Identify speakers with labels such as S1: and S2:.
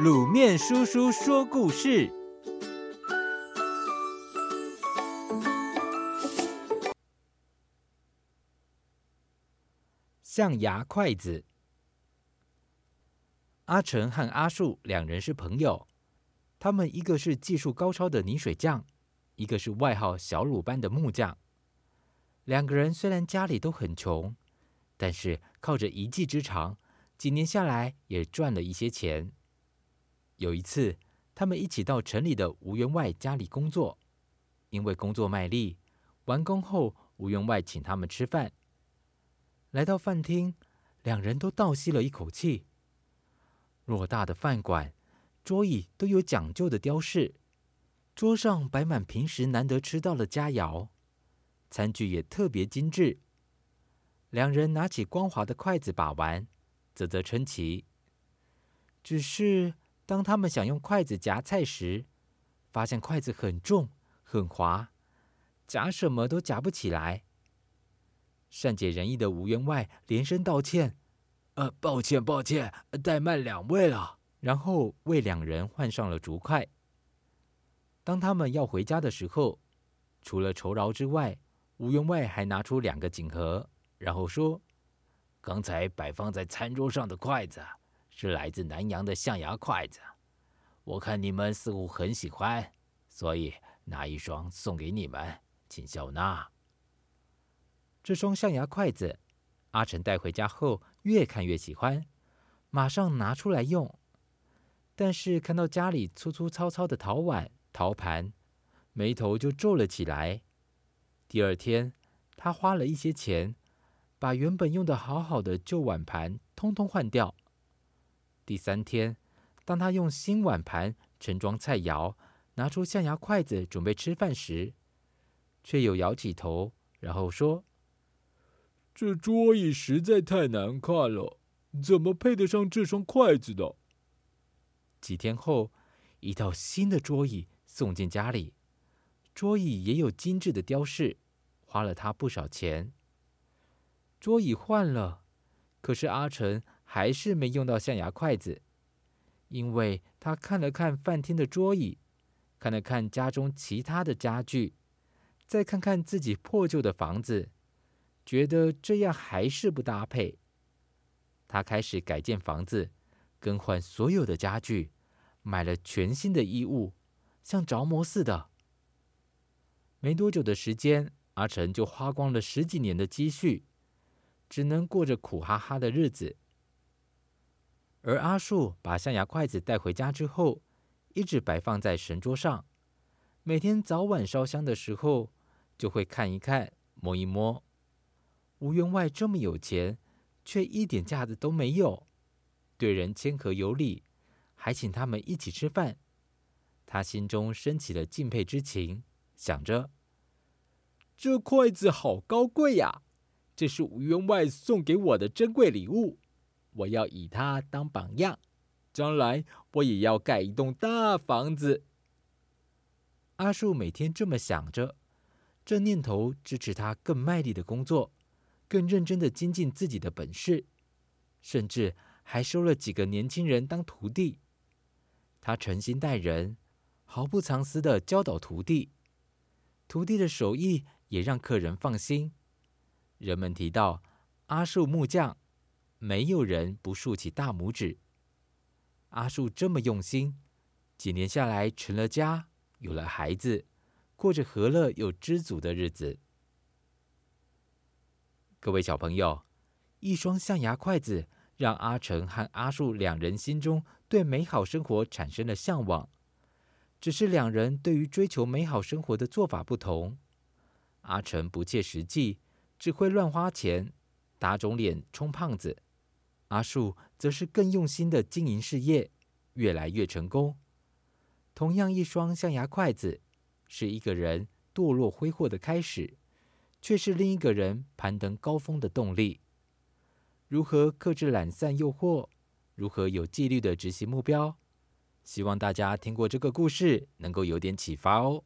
S1: 滷麵叔叔說故事：象牙筷子。阿成和阿樹兩人是朋友，他們一個是技術高超的泥水匠，一個是外號小魯班的木匠。兩個人雖然家裡都很窮，但是靠着一技之長，幾年下來也賺了一些錢。有一次，他們一起到城裡的吳員外家裡工作。因為工作賣力，完工後吳員外請他們吃飯。來到飯廳，兩人都倒吸了一口氣。偌大的飯館，桌椅都有講究的雕飾，桌上擺滿平時難得吃到的佳餚，餐具也特別精緻。兩人拿起光滑的筷子把玩，嘖嘖稱奇。只是……當他們想用筷子夾菜時，發現筷子很重、很滑，夾什麼都夾不起來。善解人意的吳員外連聲道歉：“呃，抱歉，抱歉，呃，怠慢兩位了。”然後為兩人換上了竹筷。當他們要回家的時候，除了酬勞之外，吳員外還拿出兩個錦盒，然後說：“剛才擺放在餐桌上的筷子，”是來自南洋的象牙筷子，我看你們似乎很喜歡，所以拿一雙送給你們，請笑納。這雙象牙筷子，阿晨帶回家後越看越喜歡，馬上拿出來用。但是看到家裡粗粗糙糙的陶碗、陶盤，眉頭就皺了起來。第二天，他花了一些錢，把原本用的好好的舊碗盤通通換掉。第三天，當他用新碗盤盛裝菜餚，拿出象牙筷子準備吃飯時，卻又搖起頭，然後說：“這桌椅實在太難看了，怎麼配得上這雙筷子的？”幾天後，一套新的桌椅送進家裡，桌椅也有精緻的雕飾，花了他不少錢。桌椅換了，可是阿成。還是沒用到象牙筷子，因為他看了看飯廳的桌椅，看了看家中其他的家具，再看看自己破舊的房子，覺得這樣還是不搭配。他開始改建房子，更換所有的家具，買了全新的衣物，像着魔似的。沒多久的時間，阿成就花光了十幾年的積蓄，只能過着苦哈哈的日子。而阿樹把象牙筷子帶回家之後，一直擺放在神桌上。每天早晚燒香的時候，就會看一看、摸一摸。吳員外這麼有錢，卻一點架子都沒有，對人謙和有禮，還請他們一起吃飯。他心中升起了敬佩之情，想着：這筷子好高貴呀，啊！這是吳員外送給我的珍貴禮物。我要以他當榜樣，將來我也要蓋一棟大房子。阿樹每天這麼想着，這念頭支持他更賣力的工作，更認真的精進自己的本事，甚至還收了幾個年輕人當徒弟。他誠心待人，毫不藏私的教導徒弟，徒弟的手藝也讓客人放心。人們提到阿樹木匠，沒有人不豎起大拇指。阿樹這麼用心，幾年下來成了家，有了孩子，過着和樂又知足的日子。各位小朋友，一雙象牙筷子讓阿成和阿樹兩人心中對美好生活產生了向往。只是兩人對於追求美好生活的做法不同，阿成不切實際，只會亂花錢，打腫臉充胖子。阿樹則是更用心的經營事業，越來越成功。同樣一雙象牙筷子，是一個人墮落揮霍的開始，卻是另一個人攀登高峰的動力。如何克制懶散誘惑？如何有紀律的執行目標？希望大家聽過這個故事，能夠有點啟發哦。